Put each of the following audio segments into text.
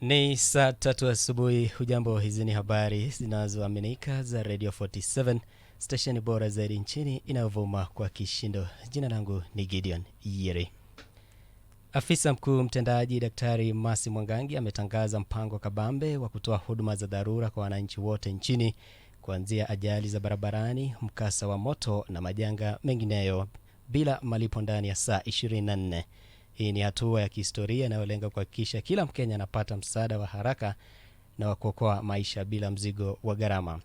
Ni saa tatu asubuhi. Hujambo, hizi ni habari zinazoaminika za Radio 47 stesheni bora zaidi nchini inayovuma kwa kishindo. Jina langu ni Gideon Yeri. Afisa mkuu mtendaji Daktari Masi Mwangangi ametangaza mpango kabambe wa kutoa huduma za dharura kwa wananchi wote nchini kuanzia ajali za barabarani, mkasa wa moto na majanga mengineyo bila malipo ndani ya saa 24. Hii ni hatua ya kihistoria inayolenga kuhakikisha kila Mkenya anapata msaada wa haraka na wa kuokoa maisha bila mzigo wa gharama.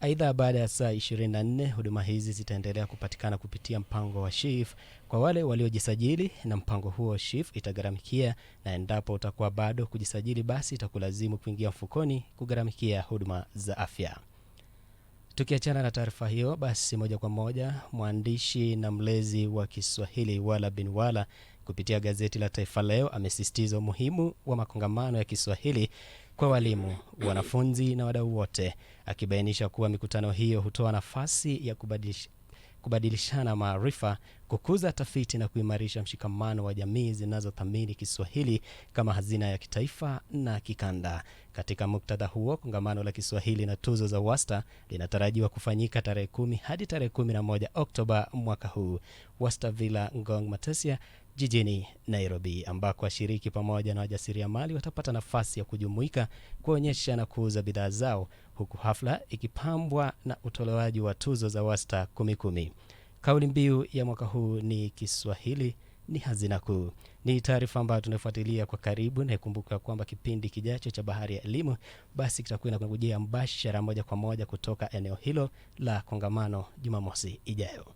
Aidha, baada ya saa 24 huduma hizi zitaendelea kupatikana kupitia mpango wa SHIF kwa wale waliojisajili, na mpango huo SHIF itagharamikia, na endapo utakuwa bado kujisajili, basi itakulazimu kuingia mfukoni kugharamikia huduma za afya. Tukiachana na taarifa hiyo, basi moja kwa moja mwandishi na mlezi wa Kiswahili Wala bin Wala kupitia gazeti la Taifa Leo amesisitiza umuhimu wa makongamano ya Kiswahili kwa walimu, wanafunzi na wadau wote, akibainisha kuwa mikutano hiyo hutoa nafasi ya kubadilisha kubadilishana maarifa, kukuza tafiti na kuimarisha mshikamano wa jamii zinazothamini Kiswahili kama hazina ya kitaifa na kikanda. Katika muktadha huo, kongamano la Kiswahili na tuzo za Wasta linatarajiwa kufanyika tarehe kumi hadi tarehe kumi na moja Oktoba mwaka huu Wasta Villa Ngong Matesia jijini Nairobi, ambako washiriki pamoja na wajasiriamali watapata nafasi ya kujumuika, kuonyesha na kuuza bidhaa zao, huku hafla ikipambwa na utolewaji wa tuzo za Wasta kumi kumi. Kauli mbiu ya mwaka huu ni Kiswahili ni hazina kuu. Ni taarifa ambayo tunafuatilia kwa karibu, na ikumbuka kwamba kipindi kijacho cha Bahari ya Elimu basi kitakuwa inakujia mbashara moja kwa moja kutoka eneo hilo la kongamano Jumamosi ijayo.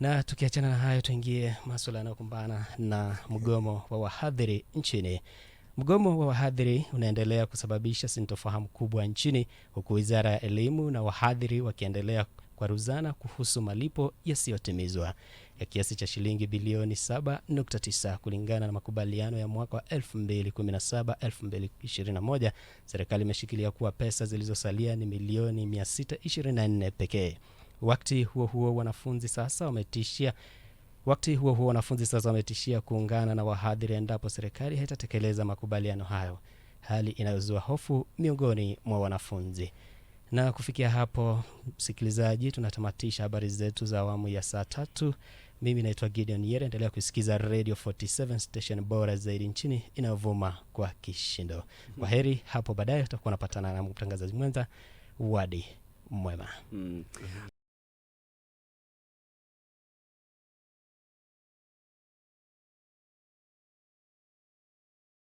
Na tukiachana na hayo, tuingie masuala yanayokumbana na mgomo wa wahadhiri nchini. Mgomo wa wahadhiri unaendelea kusababisha sintofahamu kubwa nchini, huku wizara ya elimu na wahadhiri wakiendelea kwa Ruzana kuhusu malipo yasiyotimizwa ya kiasi cha shilingi bilioni 7.9 kulingana na makubaliano ya mwaka wa 2017 2021. Serikali imeshikilia kuwa pesa zilizosalia ni milioni 624 pekee. Wakati huo huo, wanafunzi sasa wametishia Wakati huo huo wanafunzi sasa wametishia kuungana na wahadhiri endapo serikali haitatekeleza makubaliano hayo, hali inayozua hofu miongoni mwa wanafunzi. Na kufikia hapo, msikilizaji, tunatamatisha habari zetu za awamu ya saa tatu. Mimi naitwa Gideon Yere. Endelea kuisikiza Radio 47 station bora zaidi nchini inayovuma kwa kishindo. Kwa heri, hapo baadaye utakuwa unapatana na mtangazaji mwenza. Wadi mwema. Mm.